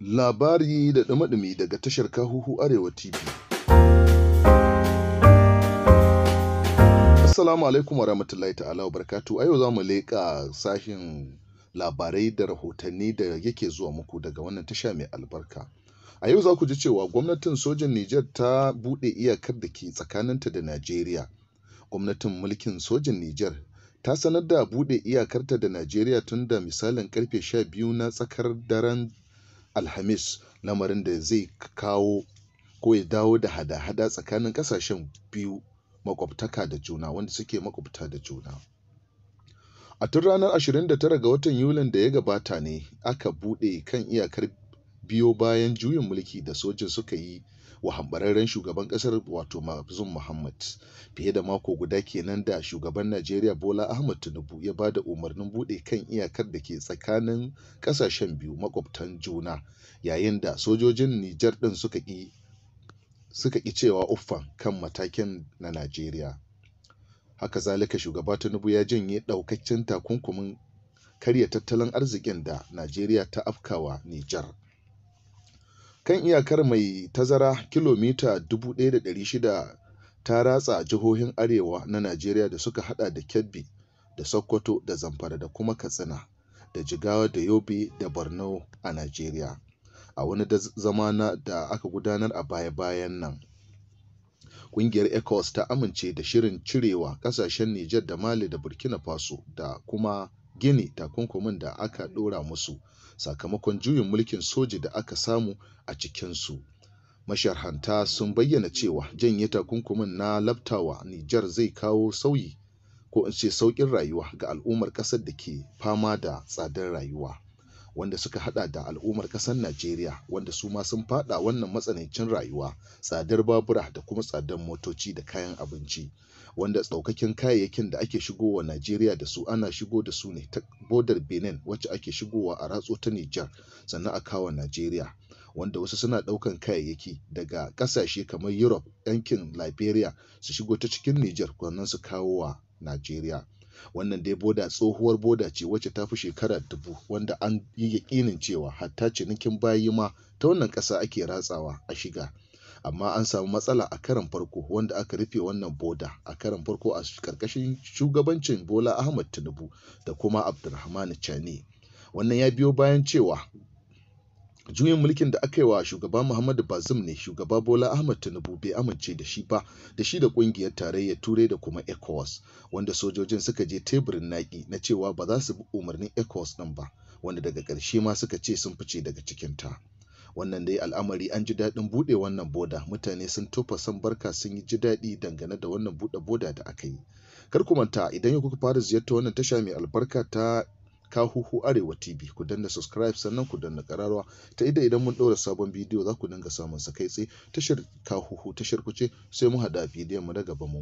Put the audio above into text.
labari da ɗumi daga tashar kahuhu arewa tv assalamu alaikum wa rahmatullahi ta'ala wa barkatu a yau za mu leƙa sashen labarai da rahotanni da yake zuwa muku daga wannan tasha mai albarka a yau za ku ji cewa gwamnatin sojan niger ta buɗe iyakar da ke tsakaninta da najeriya gwamnatin mulkin sojan niger ta sanar da buɗe iyakarta da Najeriya tun da misalin karfe 12 na tsakar daren alhamis lamarin da zai kawo ko ya dawo da hada-hada tsakanin kasashen biyu makwabtaka da juna wanda suke makwabta da juna a tun ranar 29 ga watan yulin da ya gabata ne aka buɗe kan iyakar biyo bayan juyin mulki da sojin suka yi wa shugaban kasar wato Bazoum Muhammad fiye da mako guda kenan da shugaban Najeriya Bola ahmad Tinubu ya ba da umarnin bude kan iyakar da ke tsakanin kasashen biyu makwabtan juna yayin da sojojin Nijar din suka ki cewa uffan kan matakin na Najeriya haka zalika shugaba Tinubu ya janye daukaccen takunkumin karya tattalin arzikin da Najeriya ta afkawa Nijar. Kan iyakar mai tazara kilomita 1,600 ta ratsa jihohin arewa na Najeriya da suka haɗa da Kebbi da Sokoto da Zamfara da kuma Katsina da Jigawa da Yobe da Borno a Najeriya. A wani zama da aka gudanar a baya-bayan nan, ƙungiyar ECOWAS ta amince da shirin cirewa ƙasashen Nijar da Mali da Burkina Faso da kuma gini takunkumin da aka ɗora musu sakamakon juyin mulkin soji da aka samu a cikinsu masharhanta sun bayyana cewa janye takunkumin na labtawa nijar zai kawo sauyi ko in ce sauƙin rayuwa ga al'ummar ƙasar da ke fama da tsadar rayuwa wanda suka hada da al'ummar kasar Najeriya wanda su ma sun fada wannan matsanancin rayuwa tsadar babura da kuma tsadar motoci da kayan abinci wanda tsaukakin kayayyakin da ake shigowa Najeriya da su ana shigo da su ne ta bodar Benin wacce ake shigowa a ratso ta Nijar sannan a kawo Najeriya wanda wasu suna daukan kayayyaki daga kasashe kamar Europe yankin Liberia su shigo ta cikin Nijar sannan su kawo wa Najeriya. wannan dai boda tsohuwar boda ce wacce ta fi shekara dubu wanda an yi yaƙinin cewa hatta cinikin bayi ma ta wannan ƙasa ake ratsawa a shiga amma an samu matsala a karon farko wanda aka rufe wannan boda a karon farko a karkashin shugabancin bola ahmad tinubu da kuma abdulrahman chani wannan ya biyo bayan cewa juyin mulkin da aka yi wa shugaba muhammadu bazum ne shugaba bola ahmad tinubu bai amince da shi ba da shi da kungiyar tarayyar turai da kuma ecowas wanda sojojin suka je teburin naki na cewa ba za su bi umarnin ecowas nan ba wanda daga ƙarshe ma suka ce sun fice daga cikinta wannan dai al'amari an ji daɗin buɗe wannan boda mutane sun tofa san barka sun yi ji daɗi dangane da wannan buɗe boda da aka yi kar ku manta idan yau kuka fara ziyarta wannan tasha mai albarka ta kahuhu arewa tv ku danna subscribe sannan ku danna kararwa ta ida idan mun ɗora sabon bidiyo za ku dinga samun sa kai tsaye tashar kahuhu tashar kuce sai mu haɗa bidiyon mu na gaba mu